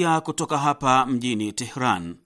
ya kutoka hapa mjini Tehran.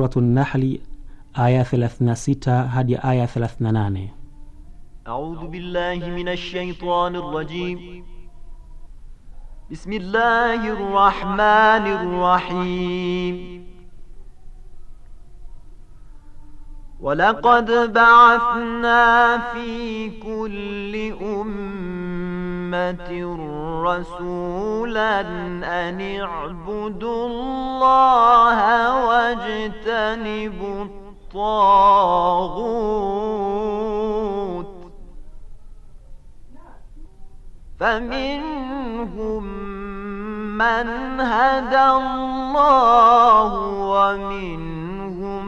سورة النحل آية 36 هدي آية 38 أعوذ بالله من الشيطان الرجيم بسم الله الرحمن الرحيم ولقد بعثنا في كل أمة رسولا أن اعبدوا الله واجتنبوا الطاغوت فمنهم من هدى الله ومنهم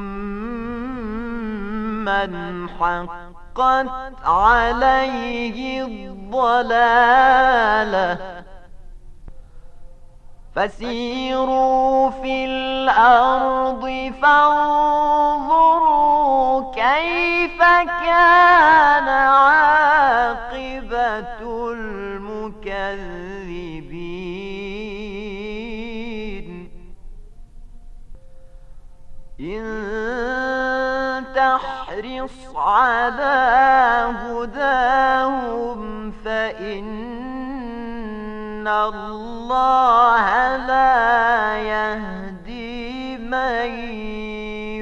من حق حقت عليه الضلالة فسيروا في الأرض فانظروا كيف كان عالم على هداهم فإن الله لا يهدي من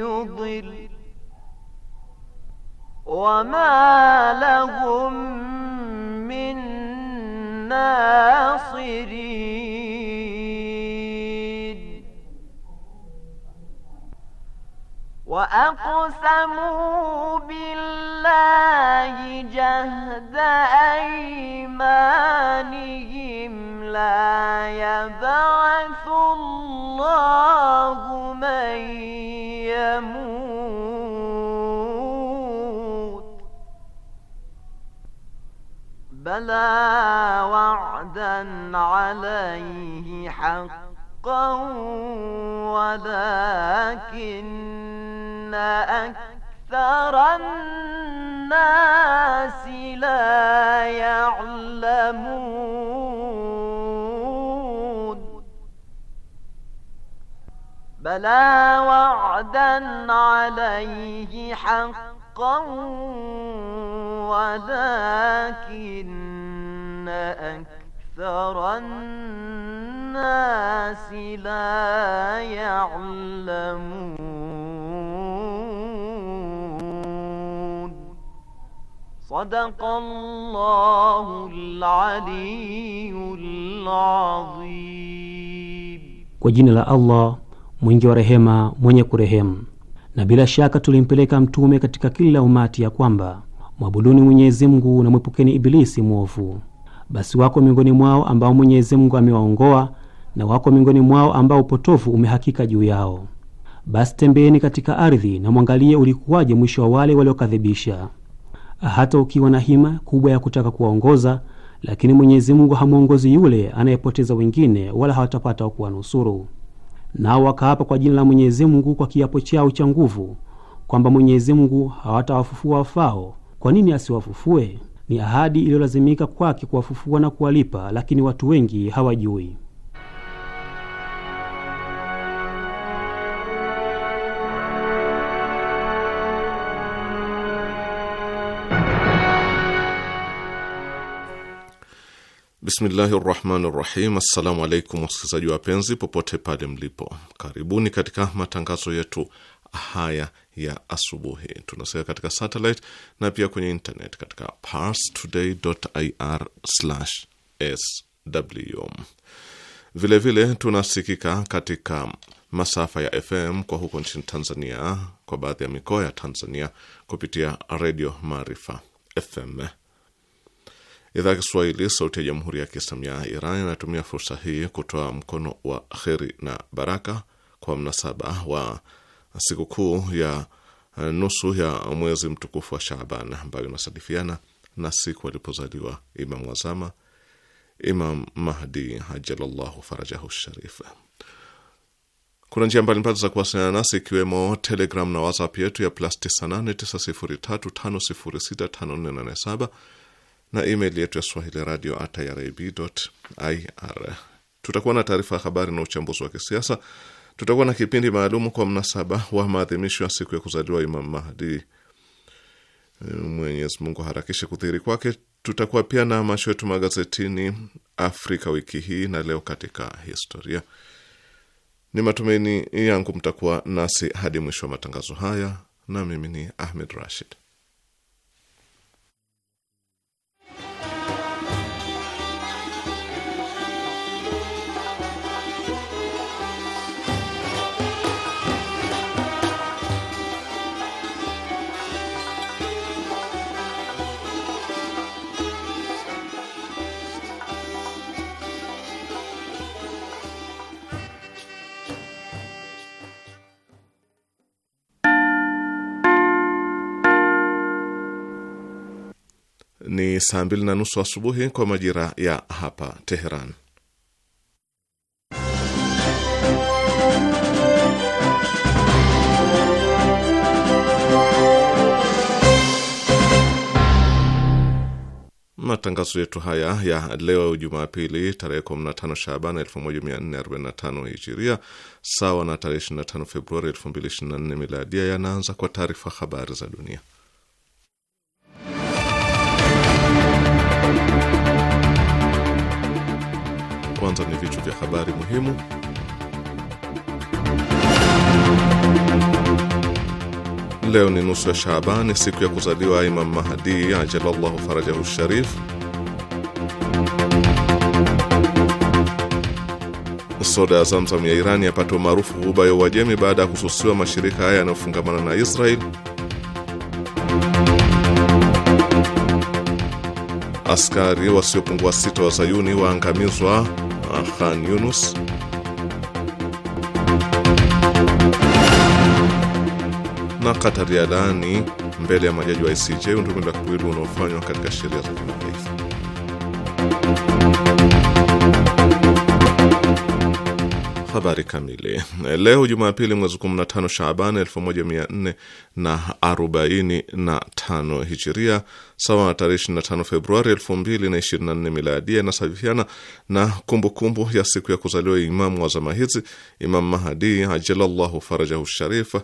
يضل وما لهم من ناصرين وأقسموا بالله جهد أيمانهم لا يبعث الله من يموت بلى وعدا عليه حقا ولكن أكثر الناس لا يعلمون بلى وعدا عليه حقا ولكن أكثر الناس لا يعلمون Sadaqallahul Aliyyul Adhim. Kwa jina la Allah mwingi wa rehema mwenye kurehemu. Na bila shaka tulimpeleka mtume katika kila umati ya kwamba mwabuduni Mwenyezi Mungu na mwepukeni Ibilisi mwovu. Basi wako miongoni mwao ambao Mwenyezi Mungu amewaongoa na wako miongoni mwao ambao upotofu umehakika juu yao. Basi tembeeni katika ardhi na mwangalie ulikuwaje mwisho wa wale waliokadhibisha hata ukiwa na hima kubwa ya kutaka kuwaongoza, lakini Mwenyezi Mungu hamwongozi yule anayepoteza wengine, wala hawatapata kuwanusuru. Nao wakaapa kwa jina la Mwenyezi Mungu kwa kiapo chao cha nguvu kwamba Mwenyezi Mungu hawatawafufua wafao. Kwa nini asiwafufue? Ni ahadi iliyolazimika kwake kuwafufua na kuwalipa, lakini watu wengi hawajui. Bismillahi rahmani rahim. Assalamu alaikum wasikilizaji wapenzi, popote pale mlipo, karibuni katika matangazo yetu haya ya asubuhi. Tunasema katika satellite na pia kwenye internet katika parstoday.ir/sw. Vilevile tunasikika katika masafa ya FM kwa huko nchini Tanzania, kwa baadhi ya mikoa ya Tanzania kupitia Redio Maarifa FM Idhaa Kiswahili sauti ya jamhuri ya kiislamu ya Iran inatumia fursa hii kutoa mkono wa kheri na baraka kwa mnasaba wa sikukuu ya nusu ya mwezi mtukufu wa Shaaban ambayo inasadifiana na siku alipozaliwa Imam Wazama, Imam Mahdi ajalallahu farajahu sharif. Kuna njia mbalimbali za kuwasiliana nasi ikiwemo Telegram na WhatsApp yetu ya plus 989035065487 na email yetu ya swahili radio at irib.ir. Tutakuwa na taarifa ya habari na uchambuzi wa kisiasa. Tutakuwa na kipindi maalumu kwa mnasaba wa maadhimisho ya siku ya kuzaliwa Imam Mahdi, Mwenyezi Mungu harakishe kudhihiri kwake. Tutakuwa pia na macho yetu magazetini, Afrika wiki hii na leo katika historia. Ni matumaini yangu mtakuwa nasi hadi mwisho wa matangazo haya, na mimi ni Ahmed Rashid. ni saa mbili na nusu asubuhi kwa majira ya hapa Teheran. Matangazo yetu haya ya leo Jumapili tarehe 15 Shaban 1445 Hijiria sawa na tarehe 25 Februari 2024 Miladia yanaanza kwa taarifa habari za dunia. Kwanza ni vichwa vya habari muhimu. Leo ni nusu ya Shaabani, siku ya kuzaliwa Imam Mahdi ajalallahu farajahu sharif. Soda ya Zamzam ya Irani yapata umaarufu Ghuba ya Uajemi baada ya kususiwa mashirika haya yanayofungamana na Israel. Askari wasiopungua sita wa Zayuni waangamizwa Juma Khan Yunus. na Katariadani mbele ya majaji wa ICJ unaokwenda kuwili unaofanywa katika sheria za kimataifa. Habari kamili. Leo Jumapili, mwezi 15 Shaaban 1445 Hijiria, sawa na tarehe 25 Februari 2024 Miladia, inasafifiana na kumbukumbu kumbu ya siku ya kuzaliwa imamu wa zama hizi, Imam Mahdi ajalallahu farajahu sharif,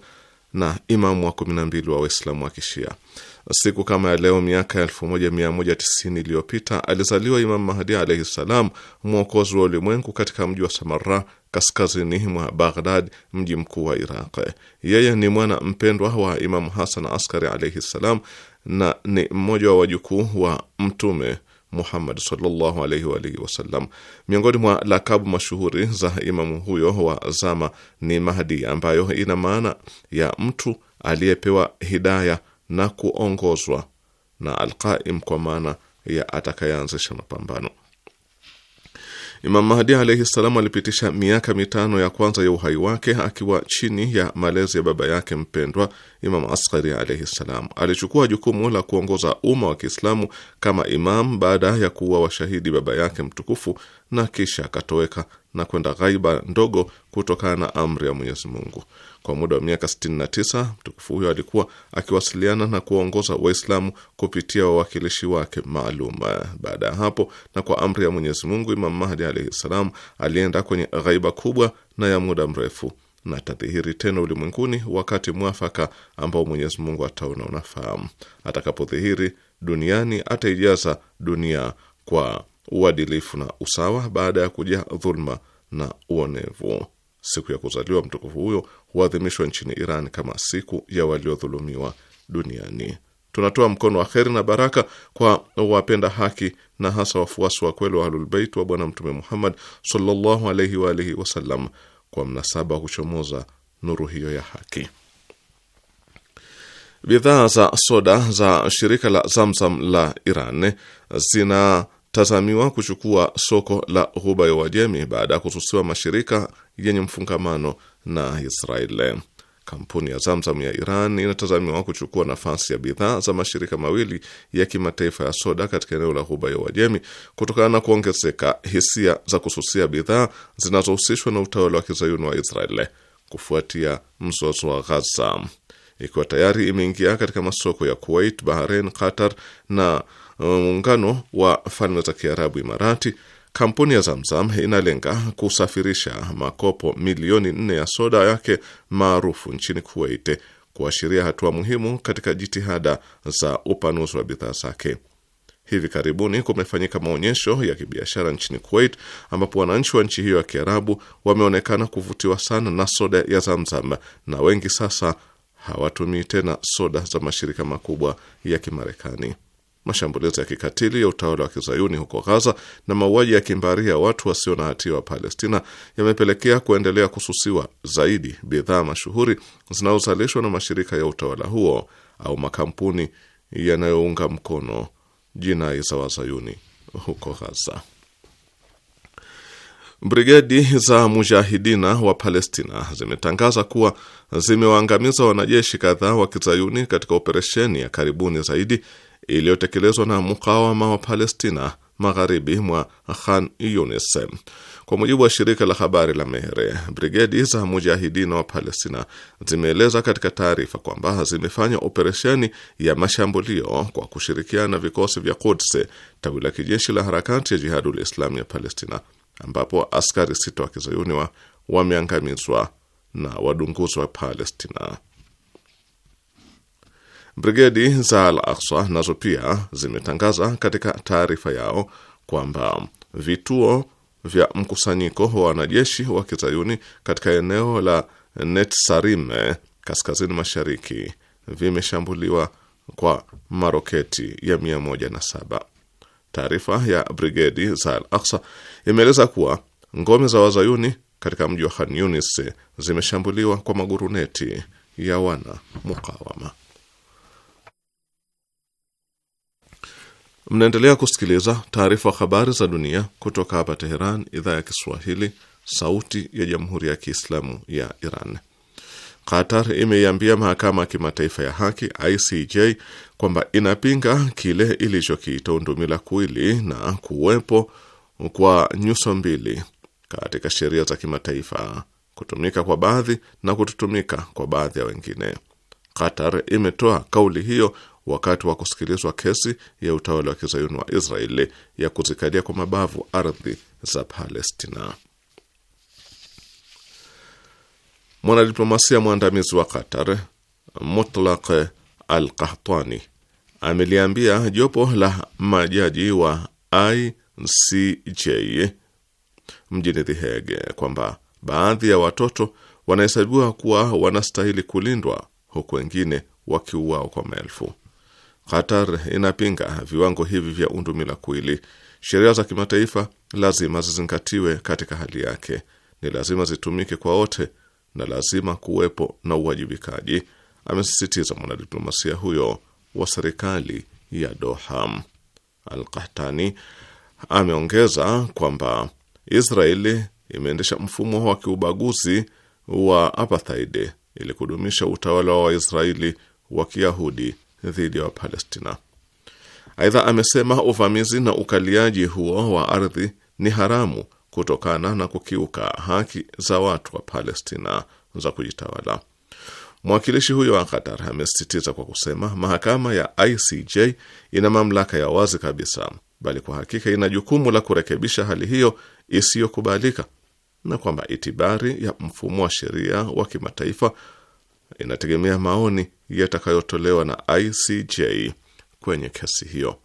na imamu wa 12 wa Waislamu wa Kishia. Siku kama ya leo miaka 1190 iliyopita alizaliwa Imam Mahdi alaihi ssalam, mwokozi wa ulimwengu, katika mji wa Samarra kaskazini mwa Baghdad, mji mkuu wa Iraq. Yeye ni mwana mpendwa wa Imamu Hasan Askari alaihi ssalam na ni mmoja wa wajukuu wa Mtume Muhammad sallallahu alaihi wa alihi wasallam. Miongoni mwa lakabu mashuhuri za imamu huyo wa zama ni Mahdi, ambayo ina maana ya mtu aliyepewa hidaya na kuongozwa na Alqaim kwa maana ya atakayeanzisha mapambano. Imam Mahdi alaihi ssalam alipitisha miaka mitano ya kwanza ya uhai wake akiwa chini ya malezi ya baba yake mpendwa Imam Askari alaihi ssalam. Alichukua jukumu la kuongoza umma wa Kiislamu kama imam baada ya kuua washahidi baba yake mtukufu, na kisha akatoweka na kwenda ghaiba ndogo kutokana na amri ya Mwenyezi Mungu. Kwa muda wa miaka 69 mtukufu huyo alikuwa akiwasiliana na kuwaongoza Waislamu kupitia wawakilishi wake maalum. Baada ya hapo na kwa amri ya Mwenyezi Mungu, Imam Mahdi alaihi ssalam alienda kwenye ghaiba kubwa na ya muda mrefu na tadhihiri tena ulimwenguni wakati mwafaka ambao Mwenyezi Mungu ataona unafahamu. Atakapodhihiri duniani ataijaza dunia kwa uadilifu na usawa baada ya kuja dhuluma na uonevu. Siku ya kuzaliwa mtukufu huyo huadhimishwa nchini Iran kama siku ya waliodhulumiwa duniani. Tunatoa mkono wa kheri na baraka kwa wapenda haki na hasa wafuasi wa kweli wa Ahlulbeit wa Bwana Mtume Muhammad sallallahu alaihi wa alihi wasallam kwa mnasaba wa kuchomoza nuru hiyo ya haki. Bidhaa za soda za shirika la Zamzam la Iran zina tazamiwa kuchukua soko la Ghuba ya Uajemi baada ya kususiwa mashirika yenye mfungamano na Israeli. Kampuni ya Zamzam ya Iran inatazamiwa kuchukua nafasi ya bidhaa za mashirika mawili ya kimataifa ya soda katika eneo la Ghuba ya Uajemi kutokana na kuongezeka hisia za kususia bidhaa zinazohusishwa na utawala wa kizayuni wa Israeli kufuatia mzozo wa Ghaza, ikiwa tayari imeingia katika masoko ya Kuwait, Bahrain, Qatar na Uh, muungano wa falme za Kiarabu Imarati, kampuni ya Zamzam inalenga kusafirisha makopo milioni nne ya soda yake maarufu nchini Kuwait, kuashiria hatua muhimu katika jitihada za upanuzi wa bidhaa zake. Hivi karibuni kumefanyika maonyesho ya kibiashara nchini Kuwait ambapo wananchi wa nchi hiyo ya Kiarabu wameonekana kuvutiwa sana na soda ya Zamzam na wengi sasa hawatumii tena soda za mashirika makubwa ya Kimarekani mashambulizi ya kikatili ya utawala wa kizayuni huko Ghaza na mauaji ya kimbari ya watu wasio na hatia wa Palestina yamepelekea kuendelea kususiwa zaidi bidhaa mashuhuri zinazozalishwa na mashirika ya utawala huo au makampuni yanayounga mkono jinai za wazayuni huko Ghaza. Brigedi za mujahidina wa Palestina zimetangaza kuwa zimewaangamiza wanajeshi kadhaa wa kizayuni katika operesheni ya karibuni zaidi iliyotekelezwa na mukawama wa Palestina magharibi mwa Khan Yunis. Kwa mujibu wa shirika la habari la Mehre, brigedi za mujahidina wa Palestina zimeeleza katika taarifa kwamba zimefanya operesheni ya mashambulio kwa kushirikiana na vikosi vya Quds, tawi la kijeshi la harakati ya Jihadul Islami ya Palestina, ambapo askari sita wa kizayuni wameangamizwa na wadunguzi wa Palestina. Brigedi za Al Aksa nazo pia zimetangaza katika taarifa yao kwamba vituo vya mkusanyiko wa wanajeshi wa kizayuni katika eneo la netsarime kaskazini mashariki vimeshambuliwa kwa maroketi ya 107. Taarifa ya Brigedi za Al Aksa imeeleza kuwa ngome za wazayuni katika mji wa Khan Yunis zimeshambuliwa kwa maguruneti ya wana mukawama. Mnaendelea kusikiliza taarifa habari za dunia kutoka hapa Teheran, idhaa ya Kiswahili, sauti ya jamhuri ya kiislamu ya Iran. Qatar imeiambia mahakama ya kimataifa ya haki ICJ kwamba inapinga kile ilichokiita undumila kuili na kuwepo kwa nyuso mbili katika sheria za kimataifa, kutumika kwa baadhi na kututumika kwa baadhi ya wengine. Qatar imetoa kauli hiyo wakati wa kusikilizwa kesi ya utawala wa kizayuni wa Israeli ya kuzikalia kwa mabavu ardhi za Palestina. Mwanadiplomasia mwandamizi wa Qatar Mutlaq Al Qahtani ameliambia jopo la majaji wa ICJ mjini The Hague kwamba baadhi ya watoto wanahesabiwa kuwa wanastahili kulindwa huku wengine wakiuawa kwa maelfu. Qatar inapinga viwango hivi vya undumila kuili. Sheria za kimataifa lazima zizingatiwe katika hali yake, ni lazima zitumike kwa wote na lazima kuwepo na uwajibikaji, amesisitiza mwanadiplomasia huyo wa serikali ya Doha. Al-Qahtani ameongeza kwamba Israeli imeendesha mfumo wa kiubaguzi wa apartheid ili kudumisha utawala wa Waisraeli wa Kiyahudi dhidi ya wa Wapalestina. Aidha amesema uvamizi na ukaliaji huo wa ardhi ni haramu kutokana na kukiuka haki za watu wa Palestina za kujitawala. Mwakilishi huyo wa Qatar amesisitiza kwa kusema mahakama ya ICJ ina mamlaka ya wazi kabisa, bali kwa hakika ina jukumu la kurekebisha hali hiyo isiyokubalika, na kwamba itibari ya mfumo wa sheria wa kimataifa inategemea maoni yatakayotolewa na ICJ kwenye kesi hiyo.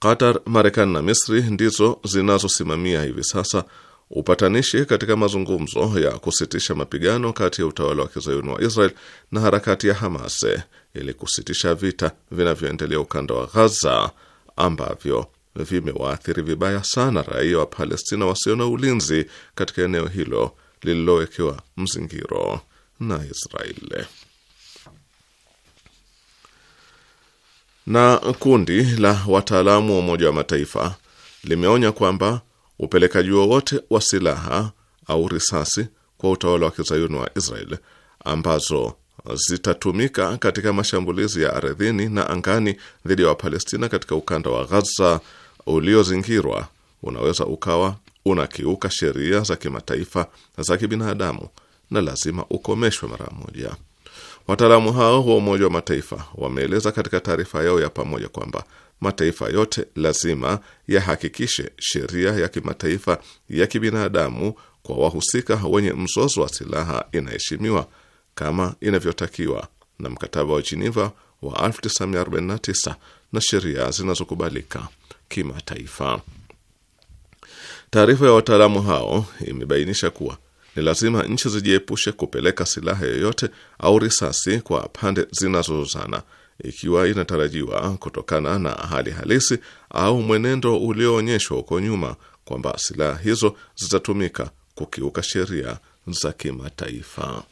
Qatar, Marekani na Misri ndizo zinazosimamia hivi sasa upatanishi katika mazungumzo ya kusitisha mapigano kati ya utawala wa kizayuni wa Israel na harakati ya Hamas ili kusitisha vita vinavyoendelea ukanda wa Ghaza ambavyo vimewaathiri vibaya sana raia wa Palestina wasio na ulinzi katika eneo hilo lililowekewa mzingiro na Israeli. Na kundi la wataalamu wa Umoja wa Mataifa limeonya kwamba upelekaji wowote wa silaha au risasi kwa utawala wa kizayuni wa Israel ambazo zitatumika katika mashambulizi ya ardhini na angani dhidi ya Wapalestina katika ukanda wa Ghaza uliozingirwa unaweza ukawa unakiuka sheria za kimataifa za kibinadamu na lazima ukomeshwe mara moja. Wataalamu hao wa Umoja wa Mataifa wameeleza katika taarifa yao ya pamoja kwamba mataifa yote lazima yahakikishe sheria ya kimataifa ya kibinadamu kwa wahusika wenye mzozo wa silaha inaheshimiwa kama inavyotakiwa na mkataba wa Geneva wa 1949 na sheria zinazokubalika kimataifa. Taarifa ya wataalamu hao imebainisha kuwa ni lazima nchi zijiepushe kupeleka silaha yoyote au risasi kwa pande zinazozozana ikiwa inatarajiwa kutokana na hali halisi au mwenendo ulioonyeshwa huko nyuma kwamba silaha hizo zitatumika kukiuka sheria za kimataifa.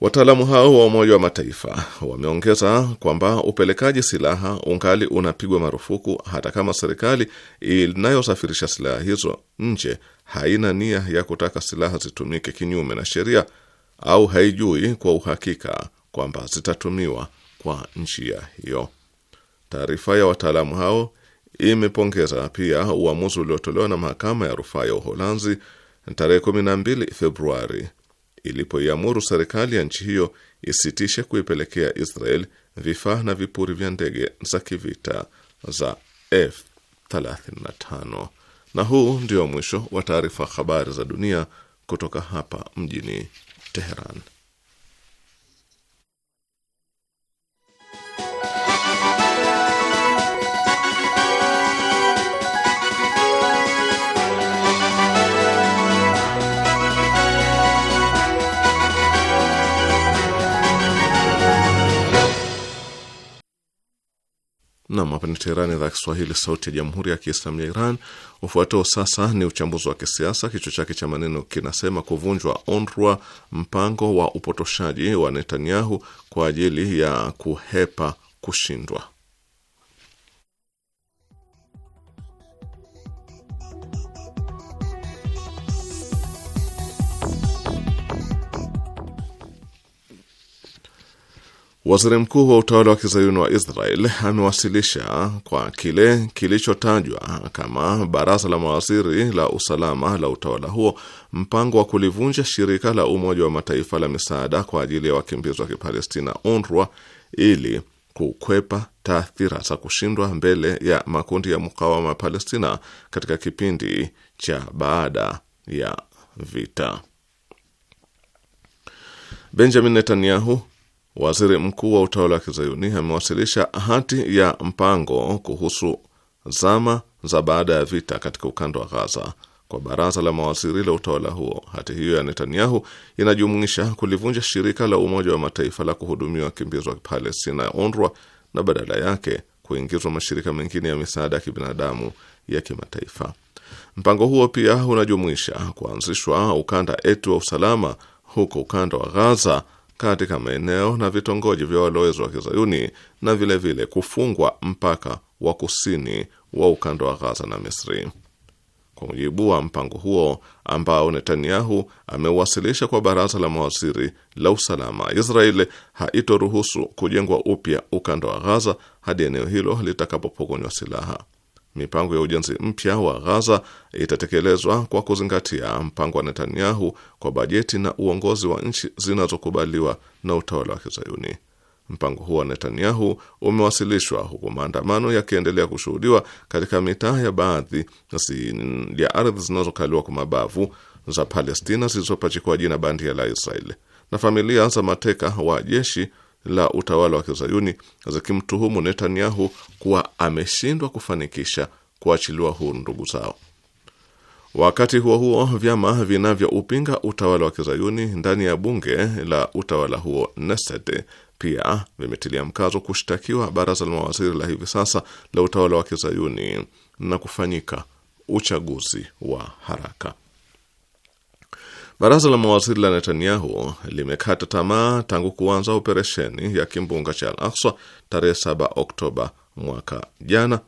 Wataalamu hao wa Umoja wa Mataifa wameongeza kwamba upelekaji silaha ungali unapigwa marufuku hata kama serikali inayosafirisha silaha hizo nje haina nia ya kutaka silaha zitumike kinyume na sheria au haijui kwa uhakika kwamba zitatumiwa kwa njia hiyo. Taarifa ya wataalamu hao imepongeza pia uamuzi uliotolewa na mahakama ya rufaa ya Uholanzi tarehe 12 Februari ilipoiamuru serikali ya nchi hiyo isitishe kuipelekea Israel vifaa na vipuri vya ndege za kivita za F35. Na huu ndio mwisho wa taarifa habari za dunia kutoka hapa mjini Teheran. Nam, hapa ni Teherani, idhaa ya Kiswahili, sauti ya jamhuri ya kiislamu ya Iran. Ufuatao sasa ni uchambuzi wa kisiasa, kichwa chake cha maneno kinasema kuvunjwa ONRWA, mpango wa upotoshaji wa Netanyahu kwa ajili ya kuhepa kushindwa. Waziri mkuu wa utawala wa kizayuni wa Israel amewasilisha kwa kile kilichotajwa kama baraza la mawaziri la usalama la utawala huo mpango wa kulivunja shirika la Umoja wa Mataifa la misaada kwa ajili ya wakimbizi wa Kipalestina, UNRWA, ili kukwepa taathira za kushindwa mbele ya makundi ya mukawama wa Palestina katika kipindi cha baada ya vita. Benjamin Netanyahu Waziri mkuu wa utawala wa kizayuni amewasilisha hati ya mpango kuhusu zama za baada ya vita katika ukanda wa Ghaza kwa baraza la mawaziri la utawala huo. Hati hiyo ya Netanyahu inajumuisha kulivunja shirika la Umoja wa Mataifa la kuhudumia wakimbizi wa Palestina ya UNRWA na badala yake kuingizwa mashirika mengine ya misaada ya kibinadamu ya kimataifa. Mpango huo pia unajumuisha kuanzishwa ukanda etu wa usalama huko ukanda wa Ghaza katika maeneo na vitongoji vya walowezi wa Kizayuni na vilevile vile kufungwa mpaka wa kusini wa ukanda wa Ghaza na Misri. Kwa mujibu wa mpango huo ambao Netanyahu ameuwasilisha kwa baraza la mawaziri la usalama, Israeli haitoruhusu kujengwa upya ukanda wa Ghaza hadi eneo hilo litakapopokonywa silaha. Mipango ya ujenzi mpya wa Ghaza itatekelezwa kwa kuzingatia mpango wa Netanyahu kwa bajeti na uongozi wa nchi zinazokubaliwa na utawala wa Kizayuni. Mpango huo wa Netanyahu umewasilishwa huku maandamano yakiendelea kushuhudiwa katika mitaa ya baadhi ya ardhi zinazokaliwa kwa mabavu za Palestina zilizopachikwa jina bandia la Israeli na familia za mateka wa jeshi la utawala wa kizayuni zikimtuhumu Netanyahu kuwa ameshindwa kufanikisha kuachiliwa huru ndugu zao. Wakati huo huo, vyama vinavyoupinga utawala wa kizayuni ndani ya bunge la utawala huo Knesset pia vimetilia mkazo kushtakiwa baraza la mawaziri la hivi sasa la utawala wa kizayuni na kufanyika uchaguzi wa haraka. Baraza la mawaziri la Netanyahu limekata tamaa tangu kuanza operesheni ya kimbunga cha Al-Aqsa tarehe 7 Oktoba mwaka jana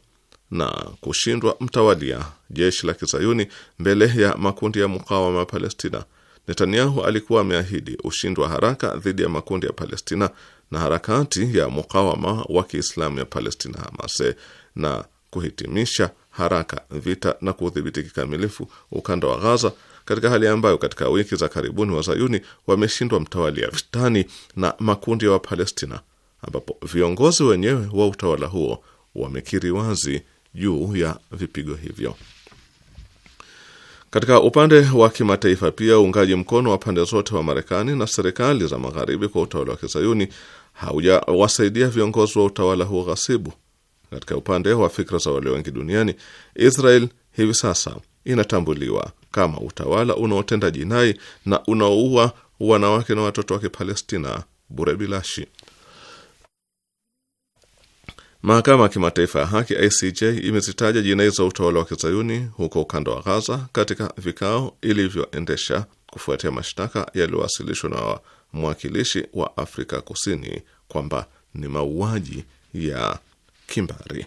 na kushindwa mtawalia jeshi la kizayuni mbele ya makundi ya mukawama ya Palestina. Netanyahu alikuwa ameahidi ushindi wa haraka dhidi ya makundi ya Palestina na harakati ya mukawama wa Kiislamu ya Palestina, Hamas, na kuhitimisha haraka vita na kuudhibiti kikamilifu ukanda wa Gaza katika hali ambayo katika wiki za karibuni wazayuni wameshindwa mtawalia vitani na makundi ya Wapalestina, ambapo viongozi wenyewe wa utawala huo wamekiri wazi juu ya vipigo hivyo. Katika upande wa kimataifa pia, uungaji mkono wa pande zote wa Marekani na serikali za magharibi kwa utawala wa kizayuni haujawasaidia viongozi wa utawala huo ghasibu. Katika upande wa fikra za walio wengi duniani, Israel hivi sasa inatambuliwa kama utawala unaotenda jinai na unaoua wanawake na watoto wa Kipalestina bure bilashi. Mahakama ya Kimataifa ya Haki ICJ imezitaja jinai za utawala wa kizayuni huko ukanda wa Ghaza katika vikao ilivyoendesha kufuatia mashtaka yaliyowasilishwa na mwakilishi wa Afrika Kusini kwamba ni mauaji ya kimbari.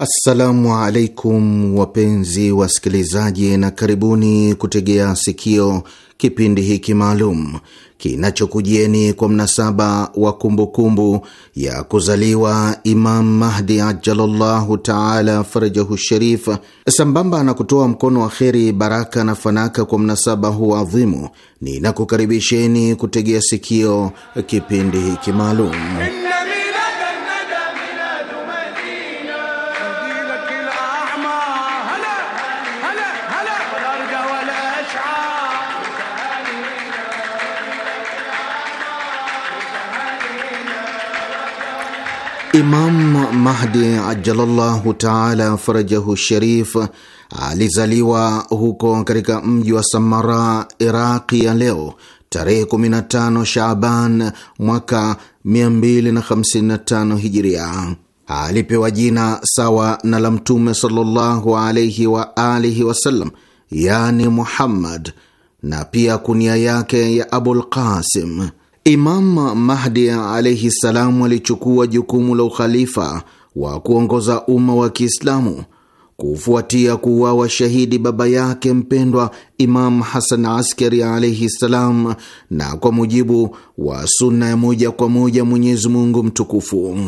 Assalamu alaikum wapenzi wasikilizaji, na karibuni kutegea sikio kipindi hiki maalum kinachokujieni kwa mnasaba wa kumbukumbu kumbu ya kuzaliwa Imam Mahdi ajalallahu taala farajahu sharif, sambamba na kutoa mkono wa kheri, baraka na fanaka kwa mnasaba huu adhimu, ninakukaribisheni kutegea sikio kipindi hiki maalum. Imam Mahdi ajalallahu taala farajahu sharif alizaliwa huko katika mji wa Samara, Iraqi ya leo tarehe 15 Shaaban mwaka 255 Hijiria. Alipewa jina sawa na la Mtume sallallahu alaihi wa alihi wasallam, yani Muhammad, na pia kunia yake ya Abul Qasim. Imam Mahdi alaihi salamu alichukua jukumu la ukhalifa wa kuongoza umma wa Kiislamu kufuatia kuuawa shahidi baba yake mpendwa Imam Hasan Askari alaihi salam, na kwa mujibu wa sunna ya moja kwa moja Mwenyezi Mungu Mtukufu.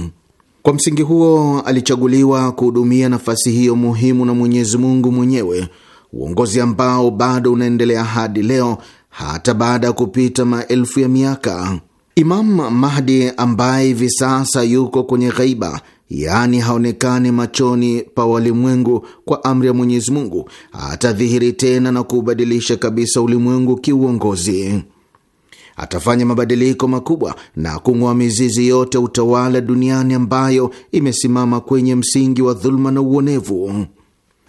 Kwa msingi huo alichaguliwa kuhudumia nafasi hiyo muhimu na Mwenyezi Mungu mwenyewe, uongozi ambao bado unaendelea hadi leo hata baada ya kupita maelfu ya miaka. Imam Mahdi ambaye hivi sasa yuko kwenye ghaiba, yaani haonekani machoni pa walimwengu, kwa amri ya Mwenyezi Mungu, atadhihiri tena na kuubadilisha kabisa ulimwengu kiuongozi. Atafanya mabadiliko makubwa na kung'oa mizizi yote utawala duniani ambayo imesimama kwenye msingi wa dhuluma na uonevu.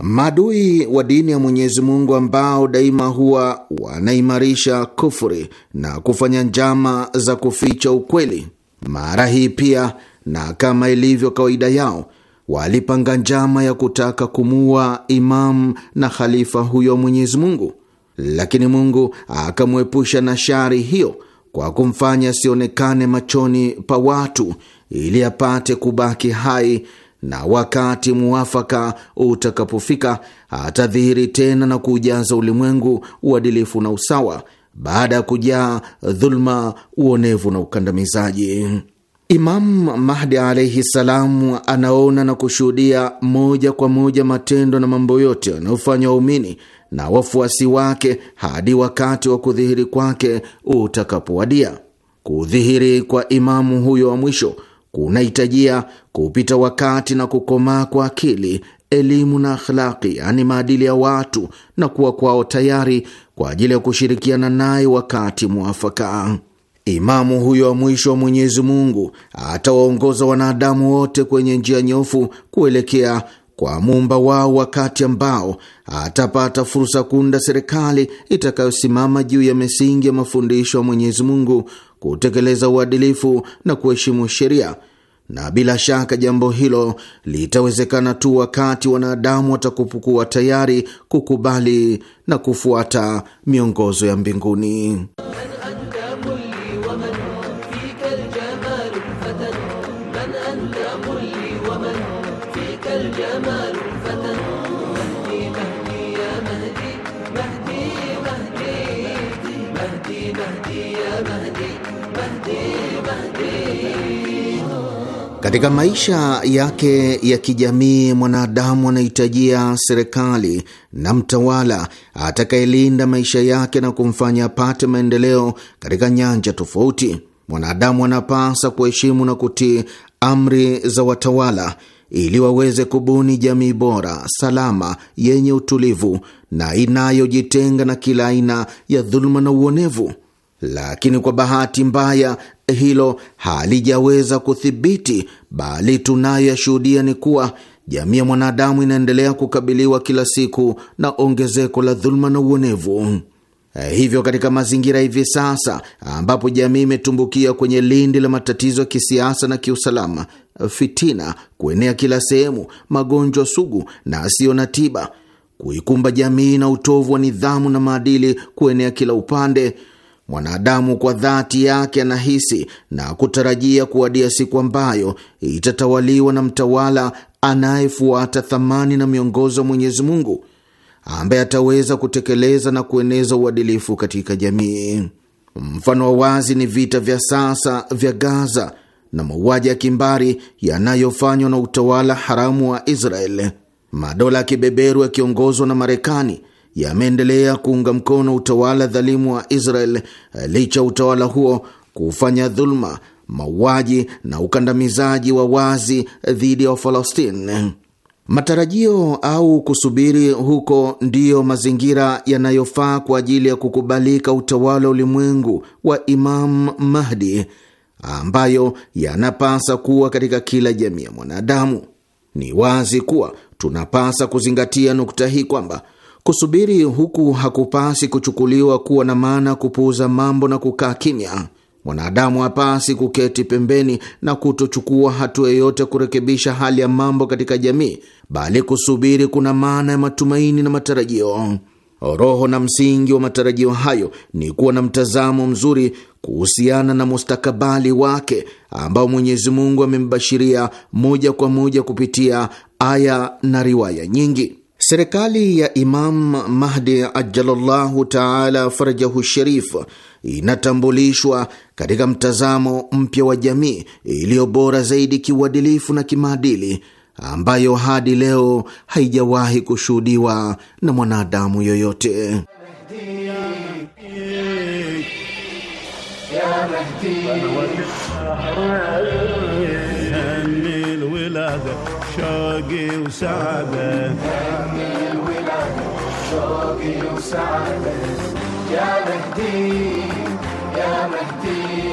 Maadui wa dini ya Mwenyezi Mungu ambao daima huwa wanaimarisha kufuri na kufanya njama za kuficha ukweli, mara hii pia na kama ilivyo kawaida yao walipanga njama ya kutaka kumuua imamu na khalifa huyo Mwenyezi Mungu, lakini Mungu akamwepusha na shari hiyo kwa kumfanya asionekane machoni pa watu ili apate kubaki hai na wakati muwafaka utakapofika atadhihiri tena na kuujaza ulimwengu uadilifu na usawa baada ya kujaa dhuluma, uonevu na ukandamizaji. imam Mahdi alaihi salam anaona na kushuhudia moja kwa moja matendo na mambo yote yanayofanywa waumini na wafuasi wake hadi wakati wa kudhihiri kwake utakapowadia. Kudhihiri kwa imamu huyo wa mwisho kunahitajia kupita wakati na kukomaa kwa akili, elimu na akhlaki, yaani maadili ya watu na kuwa kwao tayari kwa ajili ya kushirikiana naye wakati mwafaka. Imamu huyo wa mwisho wa Mwenyezi Mungu atawaongoza wanadamu wote kwenye njia nyofu kuelekea kwa muumba wao, wakati ambao atapata fursa kuunda serikali itakayosimama juu ya misingi ya mafundisho ya Mwenyezi Mungu kutekeleza uadilifu na kuheshimu sheria, na bila shaka jambo hilo litawezekana tu wakati wanadamu watakapokuwa tayari kukubali na kufuata miongozo ya mbinguni. Katika maisha yake ya kijamii, mwanadamu anahitajia serikali na mtawala atakayelinda maisha yake na kumfanya apate maendeleo katika nyanja tofauti. Mwanadamu anapasa kuheshimu na kutii amri za watawala ili waweze kubuni jamii bora, salama, yenye utulivu na inayojitenga na kila aina ya dhuluma na uonevu. Lakini kwa bahati mbaya, hilo halijaweza kuthibiti, bali tunayoyashuhudia ni kuwa jamii ya mwanadamu inaendelea kukabiliwa kila siku na ongezeko la dhuluma na uonevu. Hivyo, katika mazingira hivi sasa ambapo jamii imetumbukia kwenye lindi la matatizo ya kisiasa na kiusalama, fitina kuenea kila sehemu, magonjwa sugu na asiyo na tiba kuikumba jamii, na utovu wa nidhamu na maadili kuenea kila upande Mwanadamu kwa dhati yake anahisi na kutarajia kuwadia siku ambayo itatawaliwa na mtawala anayefuata thamani na miongozo ya Mwenyezi Mungu ambaye ataweza kutekeleza na kueneza uadilifu katika jamii. Mfano wa wazi ni vita vya sasa vya Gaza na mauaji ya kimbari yanayofanywa na utawala haramu wa Israel. Madola ya kibeberu yakiongozwa na Marekani yameendelea kuunga mkono utawala dhalimu wa Israel eh, licha utawala huo kufanya dhuluma, mauaji na ukandamizaji wa wazi eh, dhidi ya Wafalastini. Matarajio au kusubiri huko ndiyo mazingira yanayofaa kwa ajili ya kukubalika utawala ulimwengu wa Imam Mahdi, ambayo yanapasa kuwa katika kila jamii ya mwanadamu. Ni wazi kuwa tunapasa kuzingatia nukta hii kwamba Kusubiri huku hakupasi kuchukuliwa kuwa na maana kupuuza mambo na kukaa kimya. Mwanadamu hapasi kuketi pembeni na kutochukua hatua yoyote kurekebisha hali ya mambo katika jamii, bali kusubiri kuna maana ya matumaini na matarajio. Roho na msingi wa matarajio hayo ni kuwa na mtazamo mzuri kuhusiana na mustakabali wake ambao Mwenyezi Mungu amembashiria moja kwa moja kupitia aya na riwaya nyingi. Serikali ya Imam Mahdi ajalallahu taala farajahu sharif inatambulishwa katika mtazamo mpya wa jamii iliyo bora zaidi kiuadilifu na kimaadili ambayo hadi leo haijawahi kushuhudiwa na mwanadamu yoyote. يا مهدي يا مهدي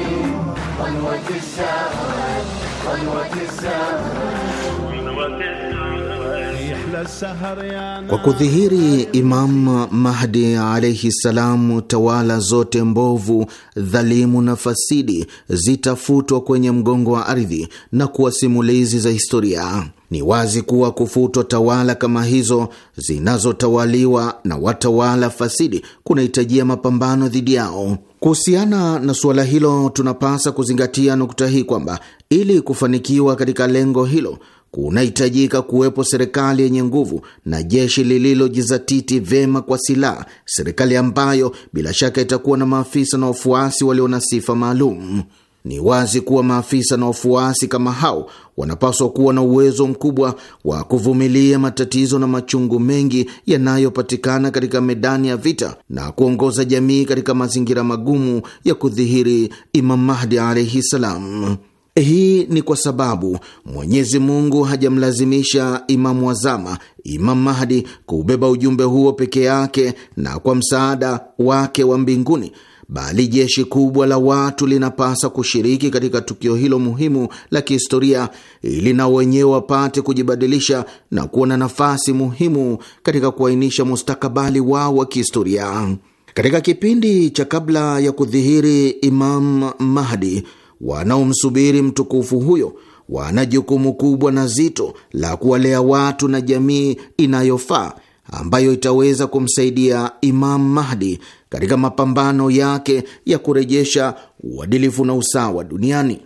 kwa kudhihiri Imam Mahdi alaihi salam, tawala zote mbovu, dhalimu na fasidi zitafutwa kwenye mgongo wa ardhi na kuwa simulizi za historia. Ni wazi kuwa kufutwa tawala kama hizo zinazotawaliwa na watawala fasidi kunahitajia mapambano dhidi yao. Kuhusiana na suala hilo, tunapasa kuzingatia nukta hii kwamba ili kufanikiwa katika lengo hilo kunahitajika kuwepo serikali yenye nguvu na jeshi lililojizatiti vyema kwa silaha, serikali ambayo bila shaka itakuwa na maafisa na wafuasi walio na sifa maalum. Ni wazi kuwa maafisa na wafuasi kama hao wanapaswa kuwa na uwezo mkubwa wa kuvumilia matatizo na machungu mengi yanayopatikana katika medani ya vita na kuongoza jamii katika mazingira magumu ya kudhihiri Imam Mahdi alaihi salam. Hii ni kwa sababu Mwenyezi Mungu hajamlazimisha Imamu wazama Imam Mahdi kuubeba ujumbe huo peke yake na kwa msaada wake wa mbinguni, bali jeshi kubwa la watu linapasa kushiriki katika tukio hilo muhimu la kihistoria ili nao wenyewe wapate kujibadilisha na kuwa na nafasi muhimu katika kuainisha mustakabali wao wa kihistoria. Katika kipindi cha kabla ya kudhihiri Imam Mahdi, wanaomsubiri mtukufu huyo wana jukumu kubwa na zito la kuwalea watu na jamii inayofaa ambayo itaweza kumsaidia Imam Mahdi katika mapambano yake ya kurejesha uadilifu na usawa duniani.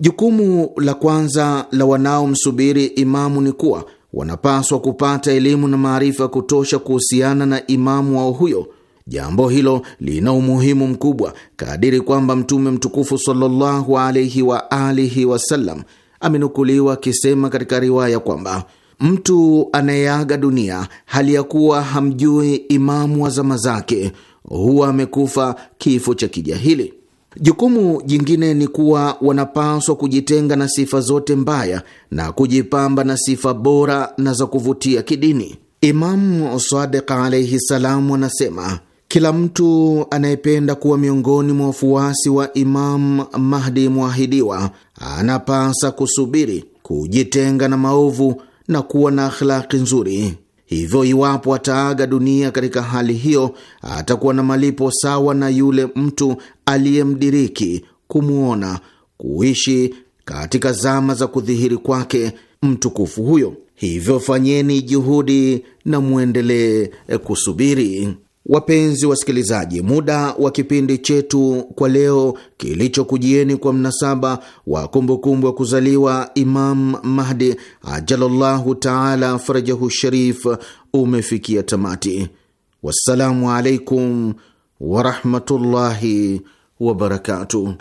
Jukumu la kwanza la wanaomsubiri imamu ni kuwa wanapaswa kupata elimu na maarifa ya kutosha kuhusiana na imamu wao huyo. Jambo hilo lina umuhimu mkubwa kadiri kwamba Mtume mtukufu sallallahu alaihi wa alihi wasallam amenukuliwa akisema katika riwaya kwamba mtu anayeaga dunia hali ya kuwa hamjui imamu wa zama zake huwa amekufa kifo cha kijahili. Jukumu jingine ni kuwa wanapaswa kujitenga na sifa zote mbaya na kujipamba na sifa bora na za kuvutia kidini. Imamu Sadiq alaihi salam anasema kila mtu anayependa kuwa miongoni mwa wafuasi wa imamu Mahdi mwahidiwa anapasa kusubiri, kujitenga na maovu na kuwa na akhlaki nzuri. Hivyo, iwapo ataaga dunia katika hali hiyo, atakuwa na malipo sawa na yule mtu aliyemdiriki kumwona kuishi katika zama za kudhihiri kwake mtukufu huyo. Hivyo fanyeni juhudi na mwendelee kusubiri. Wapenzi wasikilizaji, muda wa kipindi chetu kwa leo kilichokujieni kwa mnasaba wa kumbukumbu ya kuzaliwa Imam Mahdi ajalallahu taala farajahu sharif umefikia tamati. Wassalamu alaikum warahmatullahi wabarakatuh.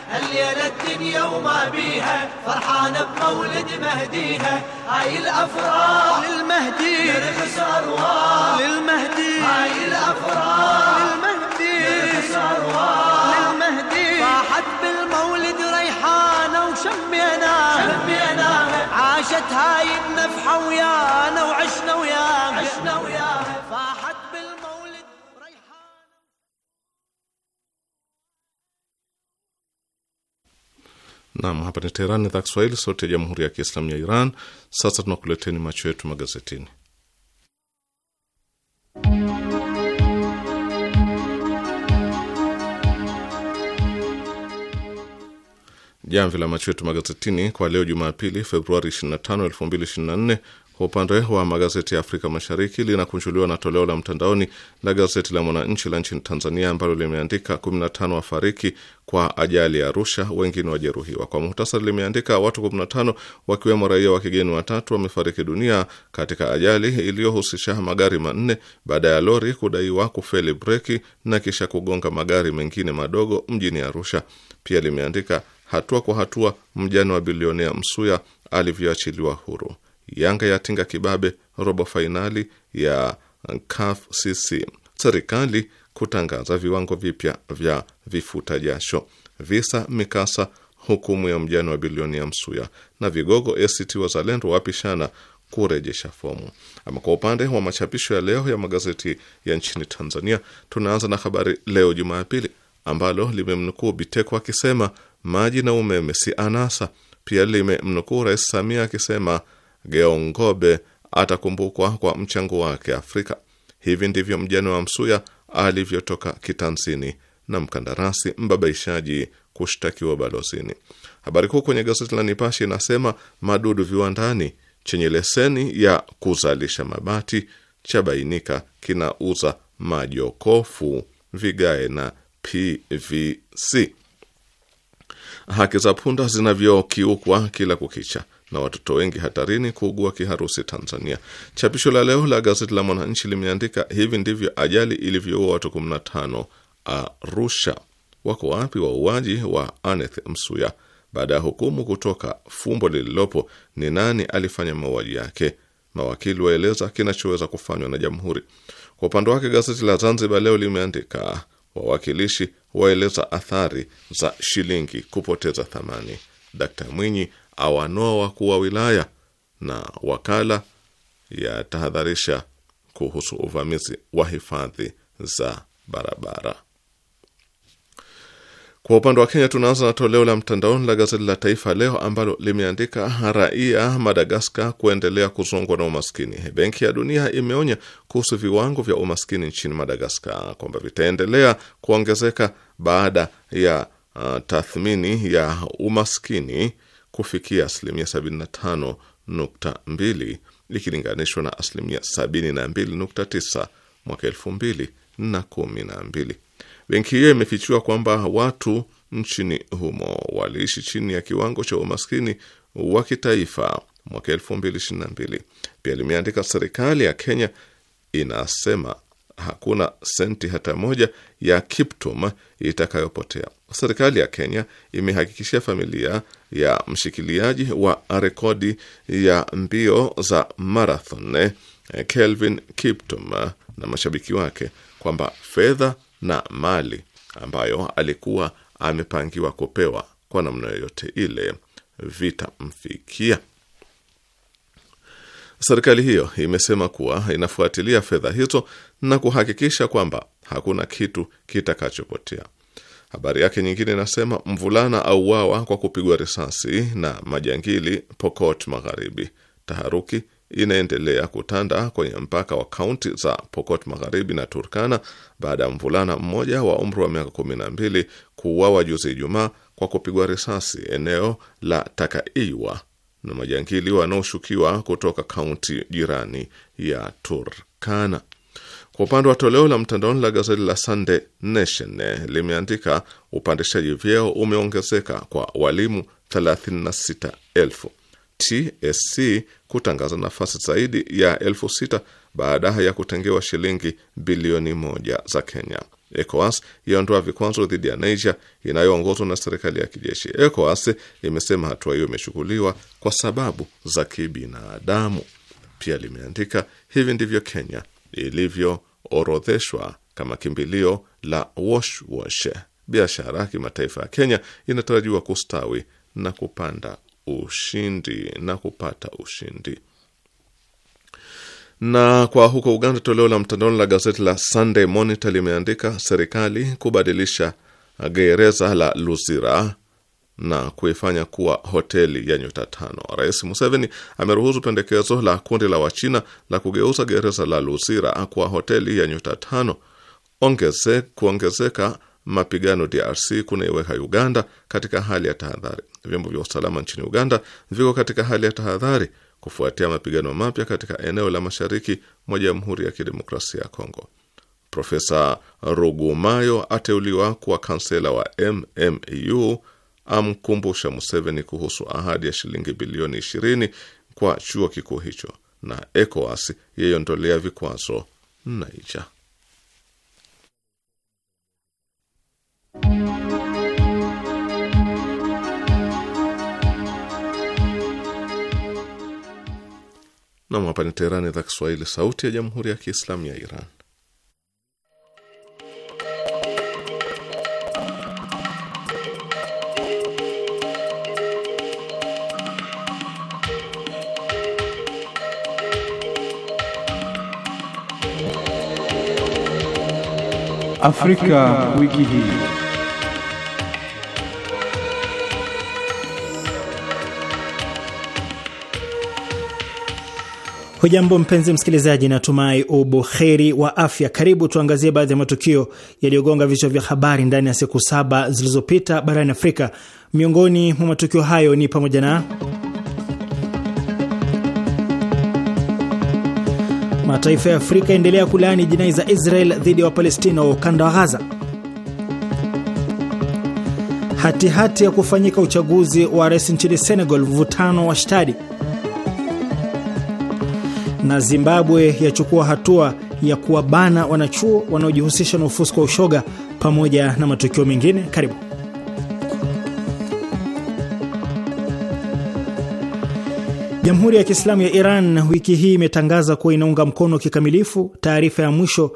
تهايدنا في حويانا وعشنا وياه عشنا وياه فاحت بالمولد ريحان Naam, hapa ni Teheran, idhaa Kiswahili, sauti ya jamhuri ya kiislamu ya Iran. Sasa tunakuleteni macho yetu magazetini Jamvi la macho yetu magazetini kwa leo Jumapili, Februari 25, 2024 kwa upande wa magazeti ya Afrika Mashariki linakunjuliwa na toleo la mtandaoni la gazeti la Mwananchi la nchini Tanzania ambalo limeandika 15 wafariki kwa ajali ya Arusha, wengine wajeruhiwa. Kwa muhtasari, limeandika watu 15 wakiwemo raia wa kigeni watatu wamefariki dunia katika ajali iliyohusisha magari manne baada ya lori kudaiwa kufeli breki na kisha kugonga magari mengine madogo mjini Arusha. Pia limeandika hatua kwa hatua mjane wa bilionea Msuya alivyoachiliwa huru. Yanga yatinga kibabe robo fainali ya CAF CC. Serikali kutangaza viwango vipya vya vifuta jasho. Visa mikasa hukumu ya mjane wa bilionea Msuya na vigogo ACT Wazalendo wapishana kurejesha fomu. Ama kwa upande wa machapisho ya leo ya magazeti ya nchini Tanzania, tunaanza na Habari Leo Jumapili ambalo limemnukuu Biteko akisema maji na umeme si anasa. Pia limemnukuu Rais Samia akisema Geongobe atakumbukwa kwa mchango wake Afrika. Hivi ndivyo mjane wa Msuya alivyotoka kitanzini na mkandarasi mbabaishaji kushtakiwa balozini. Habari kuu kwenye gazeti la Nipashe inasema madudu viwandani, chenye leseni ya kuzalisha mabati chabainika kinauza majokofu, vigae na PVC haki za punda zinavyokiukwa kila kukicha na watoto wengi hatarini kuugua kiharusi Tanzania. Chapisho la leo la gazeti la Mwananchi limeandika hivi ndivyo ajali ilivyoua watu 15 Arusha. Wako wapi wauaji wa Aneth Msuya? Baada ya hukumu kutoka, fumbo lililopo ni nani alifanya mauaji yake? Mawakili waeleza kinachoweza kufanywa na jamhuri. Kwa upande wake, gazeti la Zanzibar Leo limeandika wawakilishi waeleza athari za shilingi kupoteza thamani. Dkt Mwinyi awanoa wakuu wa wilaya, na wakala yatahadharisha kuhusu uvamizi wa hifadhi za barabara. Kwa upande wa Kenya, tunaanza na toleo la mtandaoni la gazeti la Taifa Leo ambalo limeandika raia Madagaskar kuendelea kuzongwa na umaskini. Benki ya Dunia imeonya kuhusu viwango vya umaskini nchini Madagaskar kwamba vitaendelea kuongezeka baada ya uh, tathmini ya umaskini kufikia asilimia 75.2 ikilinganishwa na asilimia 72.9 mwaka 2012. Benki hiyo imefichua kwamba watu nchini humo waliishi chini ya kiwango cha umaskini wa kitaifa mwaka 2022. Pia limeandika serikali ya Kenya inasema hakuna senti hata moja ya Kiptum itakayopotea. Serikali ya Kenya imehakikishia familia ya mshikiliaji wa rekodi ya mbio za marathon eh, Kelvin Kiptum na mashabiki wake kwamba fedha na mali ambayo alikuwa amepangiwa kupewa kwa namna yoyote ile vitamfikia. Serikali hiyo imesema kuwa inafuatilia fedha hizo na kuhakikisha kwamba hakuna kitu kitakachopotea. Habari yake nyingine inasema mvulana auawa kwa kupigwa risasi na majangili Pokot Magharibi. Taharuki inaendelea kutanda kwenye mpaka wa kaunti za Pokot Magharibi na Turkana baada ya mvulana mmoja wa umri wa miaka 12 kuuawa juzi Ijumaa kwa kupigwa risasi eneo la Takaiwa na majangili wanaoshukiwa kutoka kaunti jirani ya Turkana. Kwa upande wa toleo la mtandaoni la gazeti la Sunday Nation eh, limeandika upandishaji vyeo umeongezeka kwa walimu 36,000. TSC kutangaza nafasi zaidi ya 6 baada ya kutengewa shilingi bilioni moja za Kenya. ECOWAS yaondoa vikwazo dhidi ya Niger inayoongozwa na serikali ya kijeshi. ECOWAS imesema hatua hiyo imechukuliwa kwa sababu za kibinadamu. Pia limeandika hivi ndivyo Kenya ilivyo orodheshwa kama kimbilio la wash wash. Biashara ya kimataifa ya Kenya inatarajiwa kustawi na kupanda ushindi na kupata ushindi. Na kwa huko Uganda, toleo la mtandaoni la gazeti la Sunday Monitor limeandika serikali kubadilisha gereza la Luzira na kuifanya kuwa hoteli ya nyota tano. Rais Museveni ameruhusu pendekezo la kundi la Wachina la kugeuza gereza la Luzira kuwa hoteli ya nyota tano. Ongeze, kuongezeka mapigano DRC kunaiweka Uganda katika hali ya tahadhari. Vyombo vya usalama nchini Uganda viko katika hali ya tahadhari kufuatia mapigano mapya katika eneo la mashariki mwa Jamhuri ya Kidemokrasia ya Kongo. Profesa Rugumayo ateuliwa kuwa kansela wa MMEU amkumbusha Museveni kuhusu ahadi ya shilingi bilioni 20 kwa chuo kikuu hicho, na ECOWAS yaiondolea vikwazo Naija. Nam, hapa ni Teherani, idhaa Kiswahili, sauti ya jamhuri ya kiislamu ya Iran. Afrika wiki hii. Hujambo mpenzi msikilizaji, natumai ubuheri wa afya. Karibu tuangazie baadhi ya matukio yaliyogonga vichwa vya habari ndani ya siku saba zilizopita barani Afrika. Miongoni mwa matukio hayo ni pamoja na Mataifa ya Afrika yaendelea kulaani jinai za Israel dhidi ya Wapalestina wa ukanda wa Ghaza. Hatihati hati ya kufanyika uchaguzi wa rais nchini Senegal, mvutano wa shtadi. Na Zimbabwe yachukua hatua ya kuwabana wanachuo wanaojihusisha na ufusko wa ushoga, pamoja na matukio mengine. Karibu. Jamhuri ya Kiislamu ya Iran wiki hii imetangaza kuwa inaunga mkono kikamilifu taarifa ya mwisho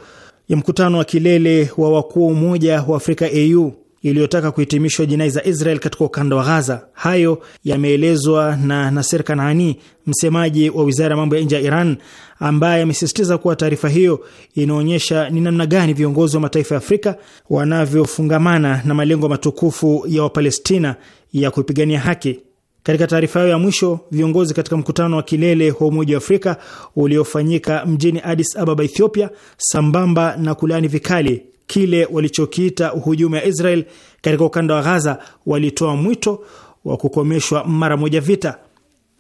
ya mkutano wa kilele wa wakuu wa Umoja wa Afrika AU iliyotaka kuhitimishwa jinai za Israel katika ukanda wa Ghaza. Hayo yameelezwa na naser Kanani, msemaji wa wizara ya mambo ya nje ya Iran, ambaye amesisitiza kuwa taarifa hiyo inaonyesha ni namna gani viongozi wa mataifa ya Afrika wanavyofungamana na malengo matukufu ya Wapalestina ya kuipigania haki. Katika taarifa yao ya mwisho, viongozi katika mkutano wa kilele wa Umoja wa Afrika uliofanyika mjini Addis Ababa, Ethiopia, sambamba na kulaani vikali kile walichokiita uhujumu ya Israel katika ukanda wa Ghaza, walitoa mwito wa kukomeshwa mara moja vita.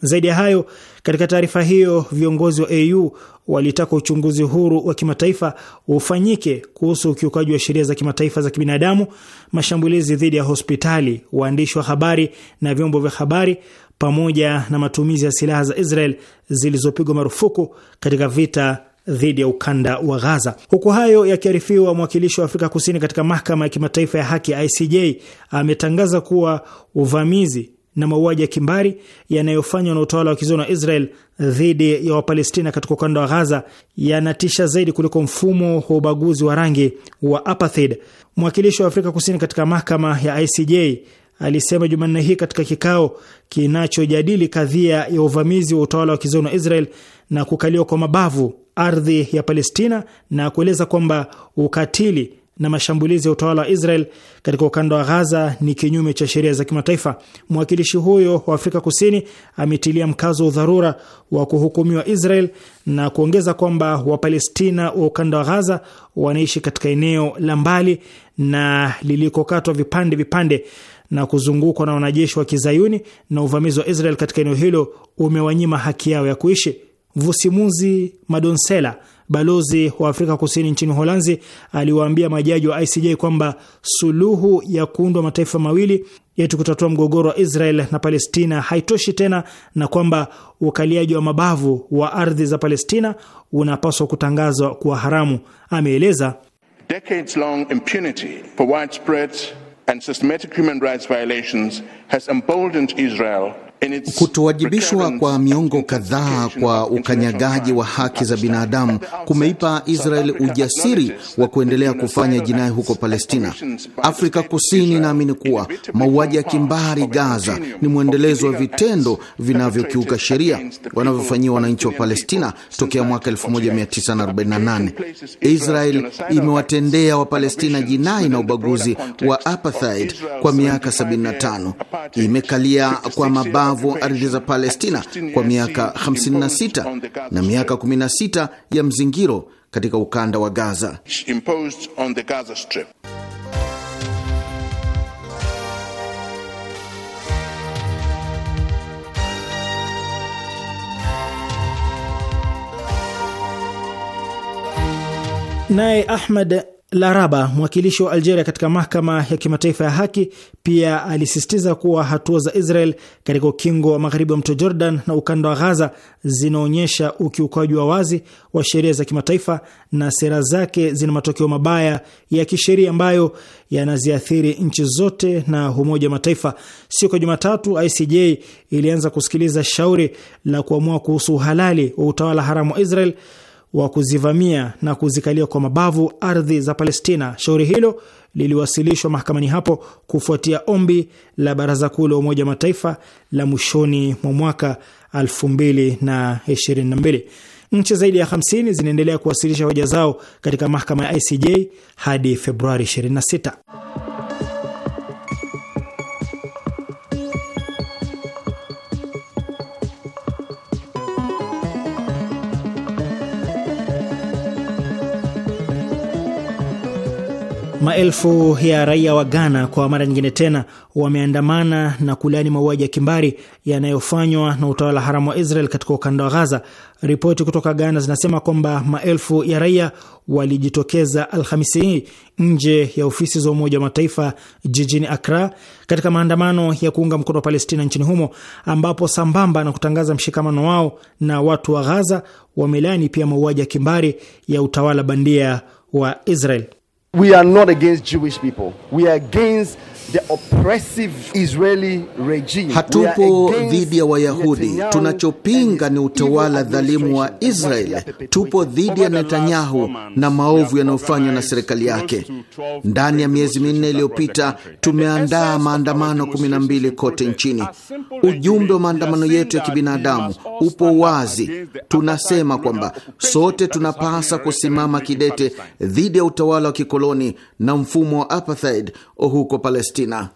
Zaidi ya hayo, katika taarifa hiyo viongozi wa AU walitaka uchunguzi huru wa kimataifa ufanyike kuhusu ukiukaji wa sheria za kimataifa za kibinadamu, mashambulizi dhidi ya hospitali, waandishi wa habari na vyombo vya habari, pamoja na matumizi ya silaha za Israel zilizopigwa marufuku katika vita dhidi ya ukanda wa Gaza. Huku hayo yakiarifiwa, mwakilishi wa Afrika Kusini katika mahakama ya kimataifa ya haki ICJ ametangaza kuwa uvamizi na mauaji ya kimbari yanayofanywa na utawala wa kizoni wa Israel dhidi ya Wapalestina katika ukanda wa Ghaza yanatisha zaidi kuliko mfumo wa ubaguzi wa rangi wa apartheid. Mwakilishi wa Afrika Kusini katika mahakama ya ICJ alisema Jumanne hii katika kikao kinachojadili kadhia ya uvamizi wa utawala wa kizoni wa Israel na kukaliwa kwa mabavu ardhi ya Palestina na kueleza kwamba ukatili na mashambulizi ya utawala wa Israel katika ukanda wa Ghaza ni kinyume cha sheria za kimataifa. Mwakilishi huyo wa Afrika Kusini ametilia mkazo wa udharura wa kuhukumiwa Israel na kuongeza kwamba Wapalestina wa ukanda wa Ghaza wanaishi katika eneo la mbali na lilikokatwa vipande vipande na kuzungukwa na wanajeshi wa Kizayuni, na uvamizi wa Israel katika eneo hilo umewanyima haki yao ya kuishi. Vusimuzi Madonsela Balozi wa Afrika Kusini nchini Holanzi aliwaambia majaji wa ICJ kwamba suluhu ya kuundwa mataifa mawili yetu kutatua mgogoro wa Israel na Palestina haitoshi tena na kwamba ukaliaji wa mabavu wa ardhi za Palestina unapaswa kutangazwa kuwa haramu. Ameeleza decades long impunity for widespread and systematic human rights violations has emboldened Israel Kutowajibishwa kwa miongo kadhaa kwa ukanyagaji wa haki za binadamu kumeipa Israel ujasiri wa kuendelea kufanya jinai huko Palestina. Afrika Kusini inaamini kuwa mauaji ya kimbari Gaza ni mwendelezo wa vitendo vinavyokiuka sheria wanavyofanyia wananchi wa Palestina tokea mwaka 1948. Israel imewatendea Wapalestina jinai na ubaguzi wa apartheid kwa miaka 75, imekalia kwa mabavu mabavu ardhi za Palestina kwa miaka 56 na miaka 16 ya mzingiro katika ukanda wa Gaza. Naye Ahmed Laraba, mwakilishi wa Algeria katika mahakama ya kimataifa ya haki, pia alisisitiza kuwa hatua za Israel katika ukingo wa magharibi wa mto Jordan na ukanda wa Ghaza zinaonyesha ukiukaji wa wazi wa sheria za kimataifa na sera zake zina matokeo mabaya ya kisheria ambayo yanaziathiri nchi zote na Umoja wa Mataifa. Siku ya Jumatatu, ICJ ilianza kusikiliza shauri la kuamua kuhusu uhalali wa utawala haramu wa Israel wa kuzivamia na kuzikalia kwa mabavu ardhi za Palestina. Shauri hilo liliwasilishwa mahakamani hapo kufuatia ombi la Baraza Kuu la Umoja wa Mataifa la mwishoni mwa mwaka 2022. Nchi zaidi ya 50 zinaendelea kuwasilisha hoja zao katika mahakama ya ICJ hadi Februari 26. Maelfu ya raia wa Ghana kwa mara nyingine tena wameandamana na kulani mauaji ya kimbari yanayofanywa na utawala haramu wa Israel katika ukanda wa Ghaza. Ripoti kutoka Ghana zinasema kwamba maelfu ya raia walijitokeza Alhamisi hii nje ya ofisi za Umoja wa Mataifa jijini Akra katika maandamano ya kuunga mkono wa Palestina nchini humo, ambapo sambamba na kutangaza mshikamano wao na watu wa Ghaza, wamelani pia mauaji ya kimbari ya utawala bandia wa Israel. we are not against Jewish people. We are against the oppressive Israeli regime. Hatupo dhidi ya Wayahudi, tunachopinga ni utawala dhalimu wa Israel. Tupo dhidi ya Netanyahu na maovu yanayofanywa na serikali yake. Ndani ya miezi minne iliyopita, tumeandaa maandamano 12 kote nchini. Ujumbe wa maandamano yetu ya kibinadamu upo wazi, tunasema kwamba sote tunapasa kusimama kidete dhidi ya utawala wa kikoloni na mfumo wa apartheid huko Palestina. Palestina.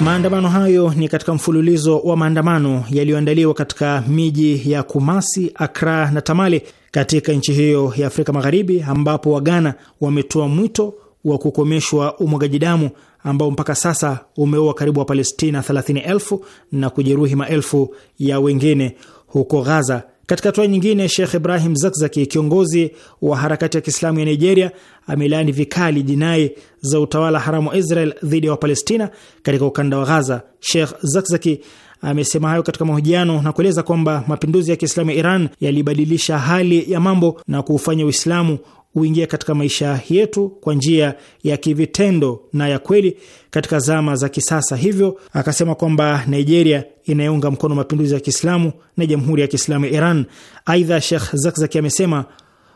Maandamano hayo ni katika mfululizo wa maandamano yaliyoandaliwa katika miji ya Kumasi, Akra na Tamale katika nchi hiyo ya Afrika Magharibi, ambapo Waghana wametoa mwito wa kukomeshwa umwagaji damu ambao mpaka sasa umeua karibu Wapalestina 30,000 na kujeruhi maelfu ya wengine huko Ghaza katika hatua nyingine, Sheikh Ibrahim Zakzaki, kiongozi wa harakati ya Kiislamu ya Nigeria, amelaani vikali jinai za utawala haramu wa Israel dhidi ya Wapalestina katika ukanda wa Ghaza. Sheikh Zakzaki amesema hayo katika mahojiano na kueleza kwamba mapinduzi ya Kiislamu ya Iran yalibadilisha hali ya mambo na kuufanya Uislamu uingie katika maisha yetu kwa njia ya kivitendo na ya kweli katika zama za kisasa. Hivyo akasema kwamba Nigeria inayounga mkono mapinduzi ya Kiislamu na Jamhuri ya Kiislamu ya Iran. Aidha, shekh Zakzaki amesema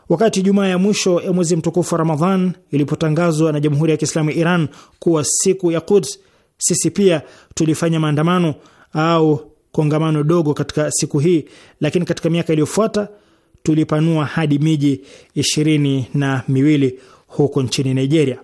wakati Jumaa ya mwisho ya mwezi mtukufu wa Ramadhan ilipotangazwa na Jamhuri ya Kiislamu ya Iran kuwa siku ya Quds, sisi pia tulifanya maandamano au kongamano dogo katika siku hii, lakini katika miaka iliyofuata tulipanua hadi miji ishirini na miwili huko nchini Nigeria.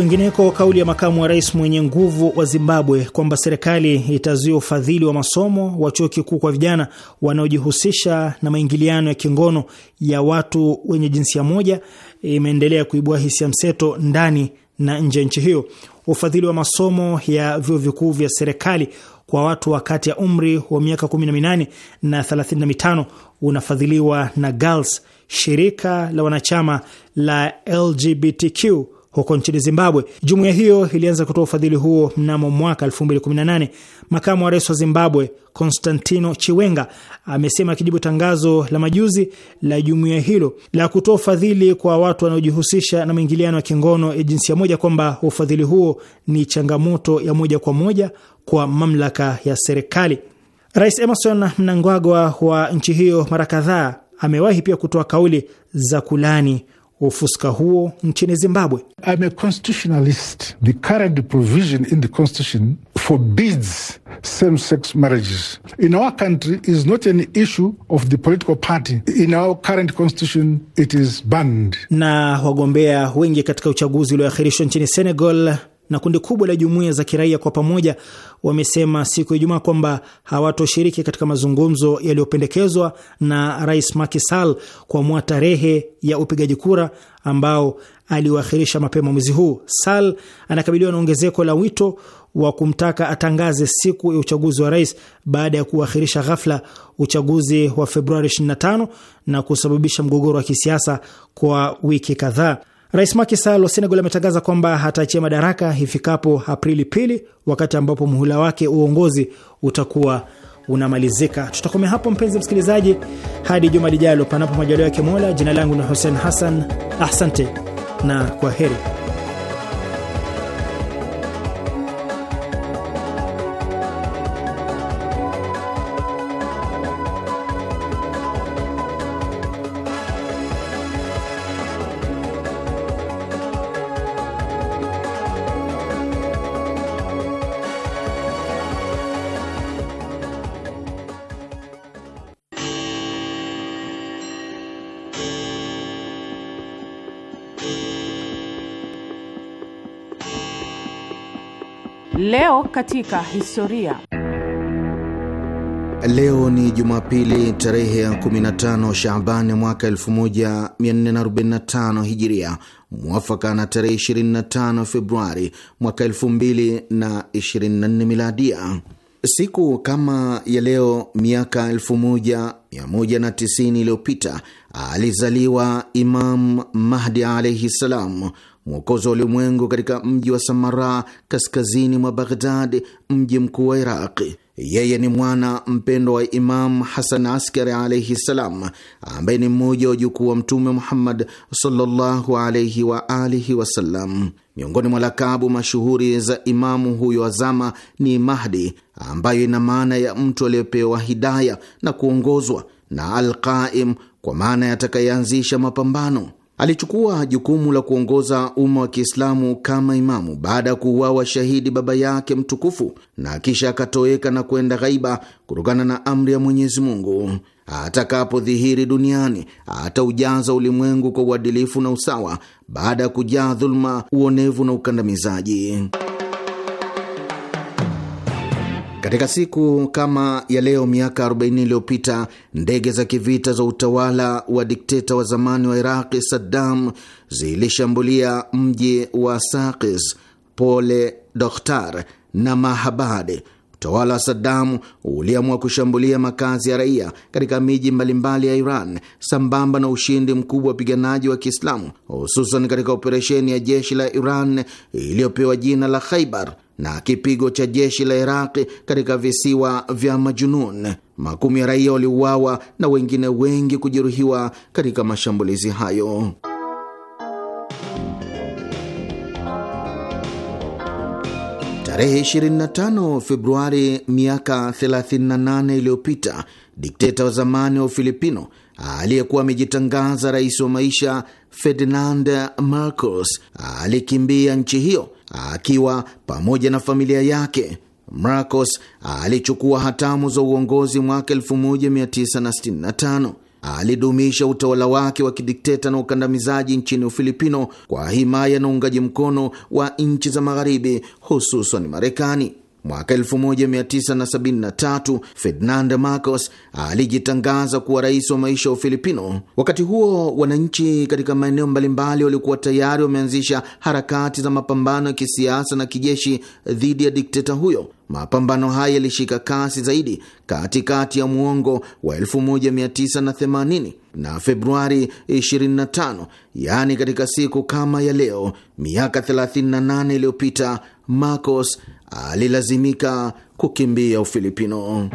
Kwingineko, kauli ya makamu wa rais mwenye nguvu wa Zimbabwe kwamba serikali itazuia ufadhili wa masomo wa chuo kikuu kwa vijana wanaojihusisha na maingiliano ya kingono ya watu wenye jinsia moja imeendelea kuibua hisia mseto ndani na nje ya nchi hiyo. Ufadhili wa masomo ya vyuo vikuu vya serikali kwa watu wa kati ya umri wa miaka 18 na 35 unafadhiliwa na GALS, shirika la wanachama la LGBTQ huko nchini Zimbabwe. Jumuiya hiyo ilianza kutoa ufadhili huo mnamo mwaka 2018. Makamu wa rais wa Zimbabwe Constantino Chiwenga amesema akijibu tangazo la majuzi la jumuiya hilo la kutoa ufadhili kwa watu wanaojihusisha na mwingiliano wa kingono ya jinsia moja kwamba ufadhili huo ni changamoto ya moja kwa moja kwa mamlaka ya serikali. Rais Emerson Mnangagwa wa nchi hiyo mara kadhaa amewahi pia kutoa kauli za kulani ufuska huo nchini Zimbabwe. I'm a constitutionalist. The current provision in the constitution forbids same-sex marriages. In our country is not an issue of the political party. In our current constitution it is banned. Na wagombea wengi katika uchaguzi ulioakhirishwa nchini Senegal na kundi kubwa la jumuiya za kiraia kwa pamoja wamesema siku ya Ijumaa kwamba hawatoshiriki katika mazungumzo yaliyopendekezwa na Rais Macky Sall kuamua tarehe ya upigaji kura ambao aliuahirisha mapema mwezi huu. Sall anakabiliwa na ongezeko la wito wa kumtaka atangaze siku ya uchaguzi wa rais baada ya kuahirisha ghafla uchaguzi wa Februari 25 na kusababisha mgogoro wa kisiasa kwa wiki kadhaa. Rais Macky Sall wa Senegal ametangaza kwamba hataachia madaraka ifikapo Aprili pili, wakati ambapo muhula wake uongozi utakuwa unamalizika. Tutakomea hapo mpenzi msikilizaji, hadi juma lijalo, panapo majaliwa yake Mola. Jina langu ni Hussein Hassan, asante na kwa heri. katika historia. Leo ni Jumapili tarehe ya 15 Shaabani mwaka 1445 Hijiria, mwafaka na tarehe 25 Februari mwaka 2024 Miladia. Siku kama ya leo miaka 1190 iliyopita alizaliwa Imam Mahdi alaihi ssalam, mwokozi wa ulimwengu katika mji wa Samara kaskazini mwa Baghdad, mji mkuu wa Iraqi. Yeye ni mwana mpendwa wa Imam Hasan Askari alaihi ssalam, ambaye ni mmoja wa jukuu wa Mtume Muhammad sallallahu alaihi wa alihi wasallam. Miongoni mwa lakabu mashuhuri za imamu huyo azama ni Mahdi, ambayo ina maana ya mtu aliyepewa hidaya na kuongozwa, na Alqaim kwa maana yatakayeanzisha mapambano. Alichukua jukumu la kuongoza umma wa Kiislamu kama imamu baada ya kuuawa shahidi baba yake mtukufu, na kisha akatoweka na kwenda ghaiba kutokana na amri ya Mwenyezi Mungu. Atakapodhihiri duniani ataujaza ulimwengu kwa uadilifu na usawa, baada ya kujaa dhuluma, uonevu na ukandamizaji. Katika siku kama ya leo miaka 40 iliyopita ndege za kivita za utawala wa dikteta wa zamani wa Iraqi Saddam zilishambulia mji wa Sakis, Pole Dokhtar na mahabadi Utawala wa Sadamu uliamua kushambulia makazi ya raia katika miji mbalimbali ya Iran sambamba na ushindi mkubwa wa wapiganaji wa Kiislamu, hususan katika operesheni ya jeshi la Iran iliyopewa jina la Khaibar na kipigo cha jeshi la Iraqi katika visiwa vya Majunun. Makumi ya raia waliuawa na wengine wengi kujeruhiwa katika mashambulizi hayo. Tarehe 25 Februari miaka 38 iliyopita, dikteta wa zamani wa Ufilipino aliyekuwa amejitangaza rais wa maisha Ferdinand Marcos alikimbia nchi hiyo akiwa pamoja na familia yake. Marcos alichukua hatamu za uongozi mwaka 1965 alidumisha utawala wake wa kidikteta na ukandamizaji nchini Ufilipino kwa himaya na uungaji mkono wa nchi za Magharibi, hususan Marekani. Mwaka 1973 Ferdinand Marcos alijitangaza kuwa rais wa maisha wa Ufilipino. Wakati huo, wananchi katika maeneo mbalimbali walikuwa tayari wameanzisha harakati za mapambano ya kisiasa na kijeshi dhidi ya dikteta huyo Mapambano haya yalishika kasi zaidi katikati ya muongo wa 1980 na Februari 25, yaani katika siku kama ya leo miaka 38 iliyopita, Marcos alilazimika kukimbia Ufilipino.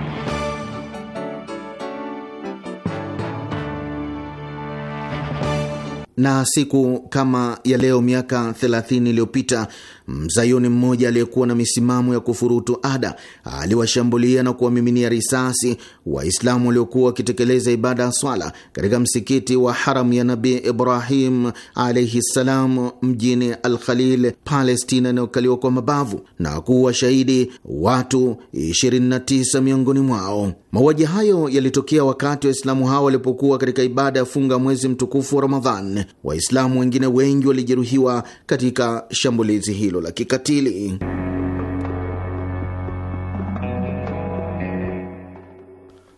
na siku kama ya leo miaka 30 iliyopita mzayuni mmoja aliyekuwa na misimamo ya kufurutu ada aliwashambulia na kuwamiminia risasi Waislamu waliokuwa wakitekeleza ibada ya swala katika msikiti wa haramu ya Nabi Ibrahim alaihi ssalam mjini Al-Khalil, Palestina inayokaliwa kwa mabavu na kuwa shahidi watu 29 miongoni mwao. Mauaji hayo yalitokea wakati Waislamu hao walipokuwa katika ibada ya funga mwezi mtukufu wa Ramadhan. Waislamu wengine wengi walijeruhiwa katika shambulizi hilo la kikatili.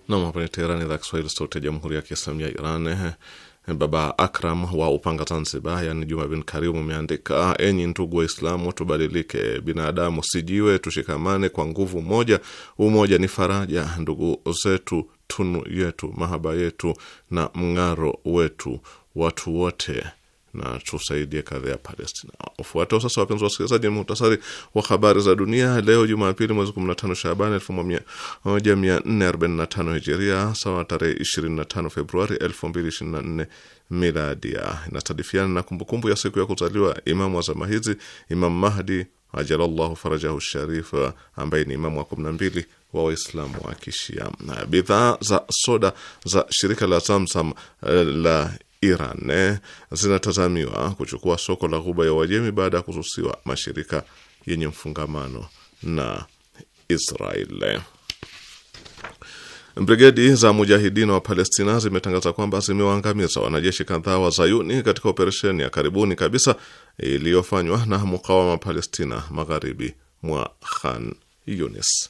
Nam, hapa ni Teherani, idhaa Kiswahili, sauti ya jamhuri ya kiislamu ya Iran. Baba Akram wa Upanga, Zanzibar, yani Juma bin Karimu ameandika: enyi ndugu Waislamu, tubadilike, binadamu sijiwe, tushikamane kwa nguvu moja. Umoja ni faraja, ndugu zetu, tunu yetu, mahaba yetu na mng'aro wetu. Watu wote na tusaidie kadhi ya Palestina. Ufuatao sasa, wapenzi wasikilizaji, muhtasari wa habari za dunia leo Jumapili mwezi 15 Shaabani 1445 Hijiria, sawa na tarehe 25 Februari 2024 miladia. Inasadifiana na kumbukumbu ya siku ya kuzaliwa imamu wa zama hizi, Imam Mahdi ajalallahu farajahu sharif, ambaye ni imamu wa 12 wa Waislamu wa Kishia. Bidhaa za soda za shirika la Zamzam eh, la Iran zinatazamiwa kuchukua soko la Ghuba ya Uajemi baada ya kususiwa mashirika yenye mfungamano na Israel. Brigedi za mujahidina wa Palestina zimetangaza kwamba zimewaangamiza wanajeshi kadhaa wa Zayuni katika operesheni ya karibuni kabisa iliyofanywa na mukawama Palestina magharibi mwa Khan Yunis.